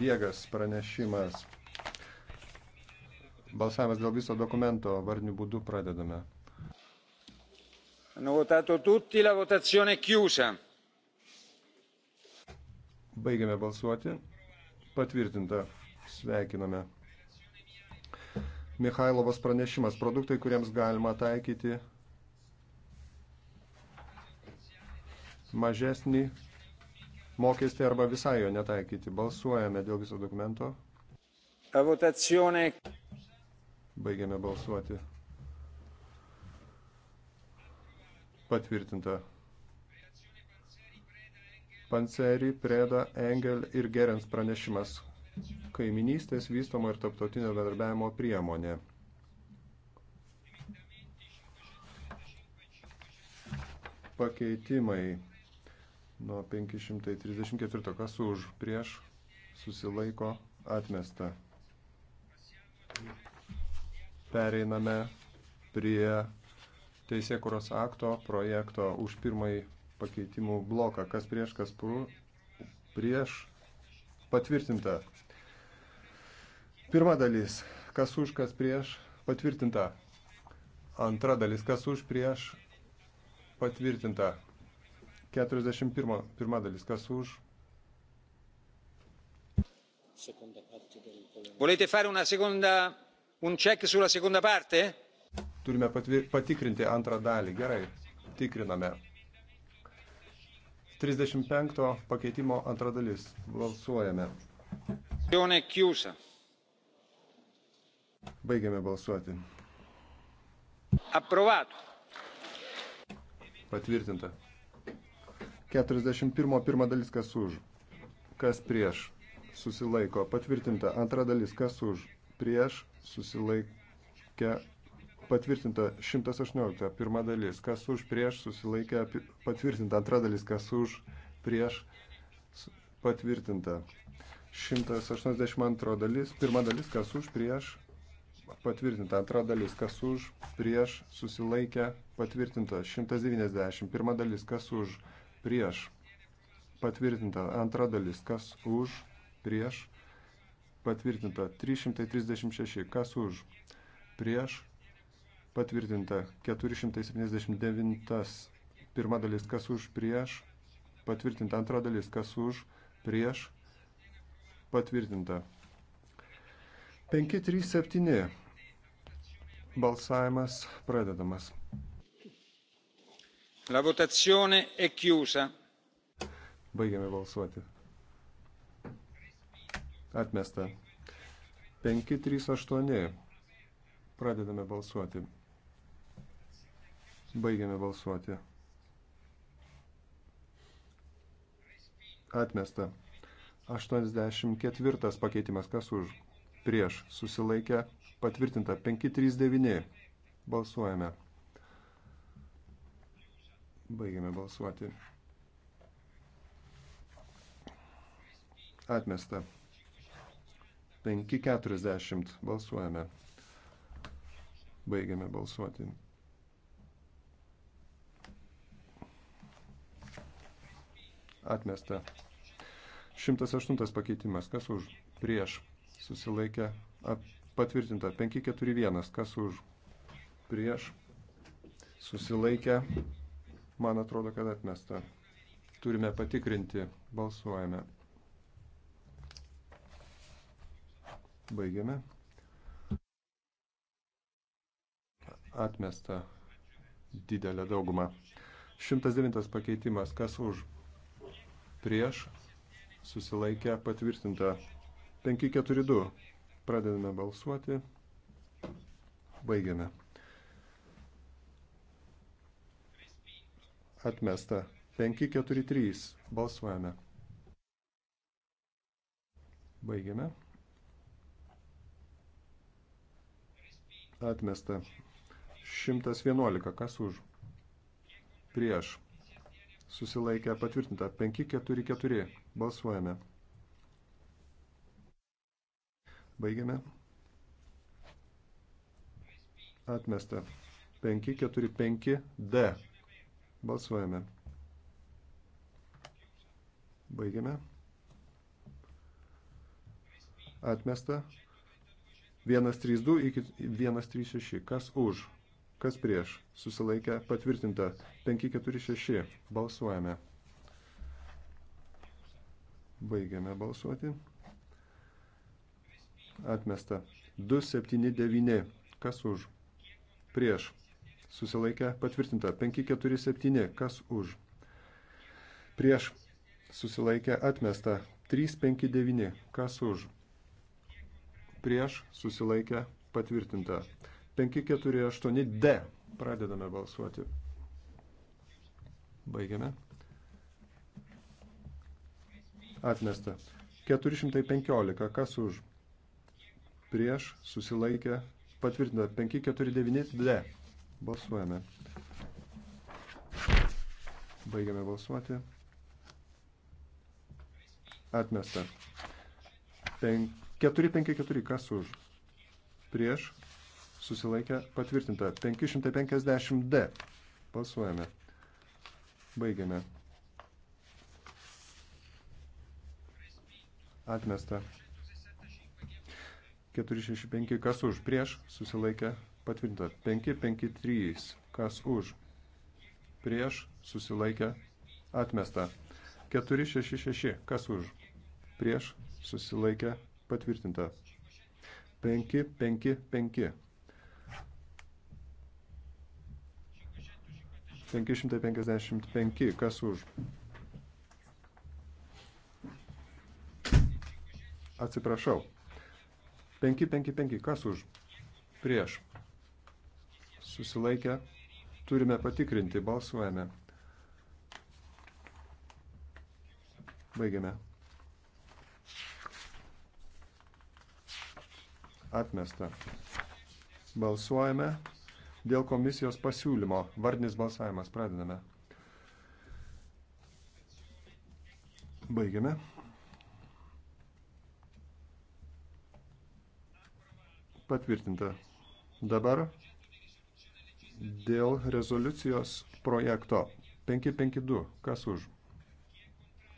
Diegas pranešimas. Balsavimas dėl viso dokumento varnių būdu pradedame hanno votato tutti la votazione è chiusa baigiame balsuoti patvirtinta sveikiname Mikhailovas pranešimas produktai, kuriems galima taikyti mažesnį mokestį arba visai jo netaikyti. Balsuojame dėl viso dokumento. Votazione. Baigiame balsuoti. Patvirtinta. Panceri, Preda, Engel ir Gerens pranešimas. Kaiminystės vystomo ir taptautinio bendarbiavimo priemonė. Pakeitimai nuo 534, kas už, prieš, susilaiko, atmesta. Pereiname prie teisėkuros akto projekto už pirmąjį pakeitimų bloką. Kas prieš, kas pru, prieš patvirtinta. Pirma dalis, kas už, kas prieš patvirtinta. Antra dalis, kas už, prieš patvirtinta. 41 pirma dalis, kas už. Volete fare una seconda, un check sulla seconda parte? Turime patikrinti antrą dalį. Gerai, tikriname. 35 pakeitimo antra dalis. Balsuojame. Baigiame balsuoti. Approvato. Patvirtinta. 41 pirma dalis kas už. Kas prieš. Susilaiko. Patvirtinta. Antra dalis kas už. Prieš. Susilaikė patvirtinta 118, pirma dalis, kas už prieš susilaikė, patvirtinta antra dalis, kas už prieš patvirtinta. 182 dalis, pirma dalis, kas už prieš patvirtinta, antra dalis, kas už prieš susilaikė, patvirtinta. 190, pirma dalis, kas už prieš patvirtinta, antra dalis, kas už prieš patvirtinta. 336, kas už prieš patvirtinta 479 pirma dalis kas už prieš, patvirtinta antra dalis kas už prieš, patvirtinta. 537 balsavimas pradedamas. La votazione è chiusa. Baigiame balsuoti. Atmesta. 538. Pradedame balsuoti. Baigiame balsuoti. Atmesta. 84 pakeitimas. Kas už? Prieš. Susilaikę. Patvirtinta. 539. Balsuojame. Baigiame balsuoti. Atmesta. 540. Balsuojame. Baigiame balsuoti. atmesta. 108 pakeitimas, kas už, prieš, susilaikė, at, patvirtinta. 541, kas už, prieš, susilaikė, man atrodo, kad atmesta. Turime patikrinti, balsuojame. Baigiame. Atmesta didelė dauguma. 109 pakeitimas, kas už, prieš, susilaikę, patvirtinta. 542. Pradedame balsuoti. Baigiame. Atmesta. 543. Balsuojame. Baigiame. Atmesta. 111. Kas už? Prieš susilaikę patvirtinta. 544 balsuojame. Baigiame. Atmesta. 545D. Balsuojame. Baigiame. Atmesta. 132 iki 136. Kas už? Kas prieš? Susilaikę patvirtinta. 546. Balsuojame. Baigiame balsuoti. Atmesta. 279. Kas už? Prieš. Susilaikę patvirtinta. 547. Kas už? Prieš. Susilaikę atmesta. 359. Kas už? Prieš. Susilaikę patvirtinta. 359. 548D. Pradedame balsuoti. Baigiame. Atmesta. 415. Kas už? Prieš susilaikė. Patvirtina. 549D. Balsuojame. Baigiame balsuoti. Atmesta. 5, 454. Kas už? Prieš susilaikė patvirtinta. 550D. Pasuojame. Baigiame. Atmesta. 465 kas už, prieš susilaikė patvirtinta. 553 kas už, prieš susilaikė atmesta. 466 kas už, prieš susilaikė patvirtinta. 555 555. Kas už? Atsiprašau. 555. Kas už? Prieš. Susilaikę. Turime patikrinti. Balsuojame. Baigiame. Atmesta. Balsuojame dėl komisijos pasiūlymo. Vardinis balsavimas. Pradedame. Baigiame. Patvirtinta. Dabar dėl rezoliucijos projekto 552. Kas už?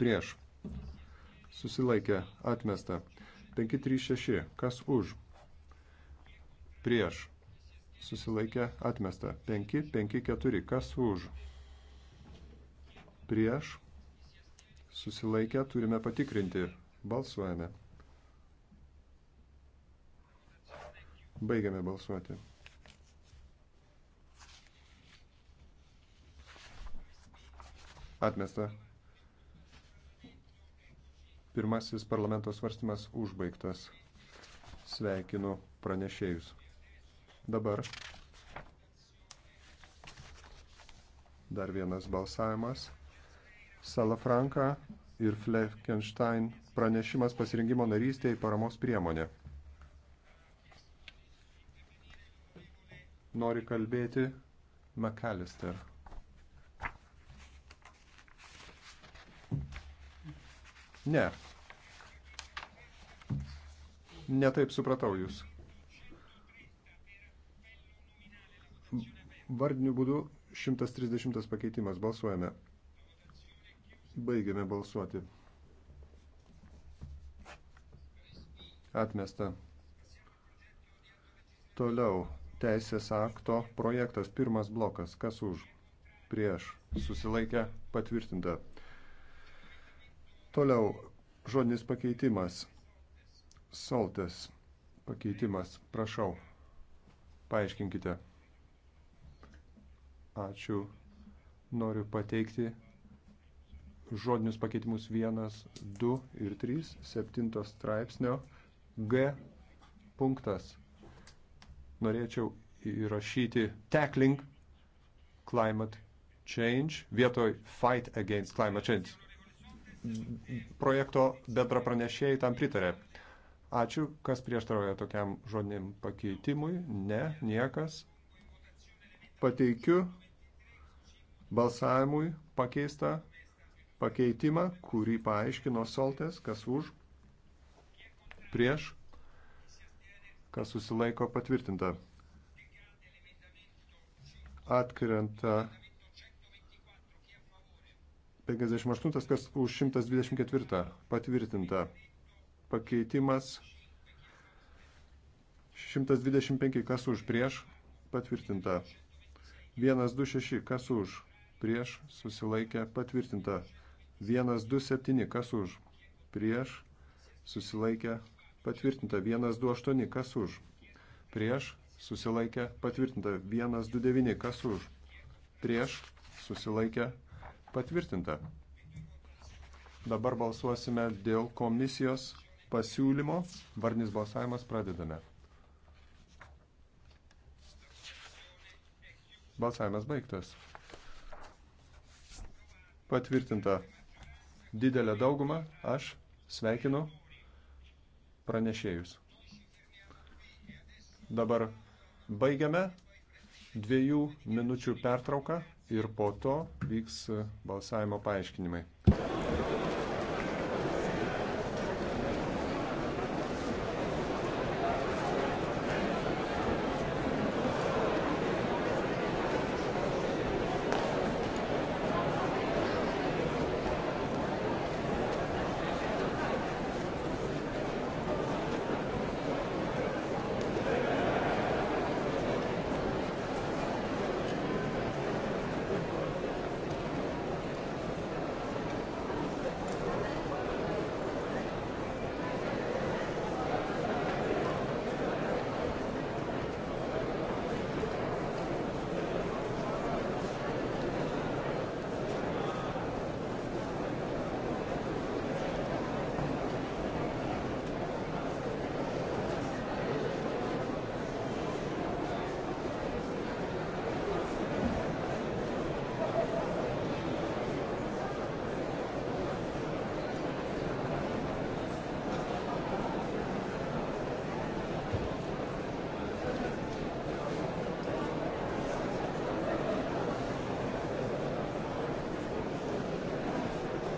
Prieš. Susilaikė. Atmesta. 536. Kas už? Prieš susilaikė atmesta. 5, 5, 4, kas už? Prieš susilaikę turime patikrinti. Balsuojame. Baigiame balsuoti. Atmesta. Pirmasis parlamento svarstymas užbaigtas. Sveikinu pranešėjus. Dabar dar vienas balsavimas. Salafranka ir Fleckenstein pranešimas pasirinkimo narystėje į paramos priemonę. Nori kalbėti McAllister. Ne. Netaip supratau jūs. Vardiniu būdu 130 pakeitimas. Balsuojame. Baigiame balsuoti. Atmesta. Toliau. Teisės akto projektas. Pirmas blokas. Kas už? Prieš. Susilaikę. Patvirtinta. Toliau. Žodinis pakeitimas. Soltas. Pakeitimas. Prašau. Paaiškinkite. Ačiū. Noriu pateikti žodinius pakeitimus 1, 2 ir 3, 7 straipsnio G punktas. Norėčiau įrašyti tackling climate change vietoj fight against climate change. Projekto bendra pranešėjai tam pritarė. Ačiū, kas prieštarauja tokiam žodiniam pakeitimui. Ne, niekas. Pateikiu balsavimui pakeistą pakeitimą, kurį paaiškino Soltės, kas už, prieš, kas susilaiko patvirtinta. Atkrenta 58, kas už 124 patvirtinta. Pakeitimas 125, kas už prieš patvirtinta. 126, kas už prieš susilaikę patvirtinta. 127 kas už, prieš susilaikę patvirtinta. 128 kas už, prieš susilaikę patvirtinta. 129 kas už, prieš susilaikę patvirtinta. Dabar balsuosime dėl komisijos pasiūlymo. Varnis balsavimas pradedame. Balsavimas baigtas patvirtinta didelė dauguma. Aš sveikinu pranešėjus. Dabar baigiame dviejų minučių pertrauką ir po to vyks balsavimo paaiškinimai.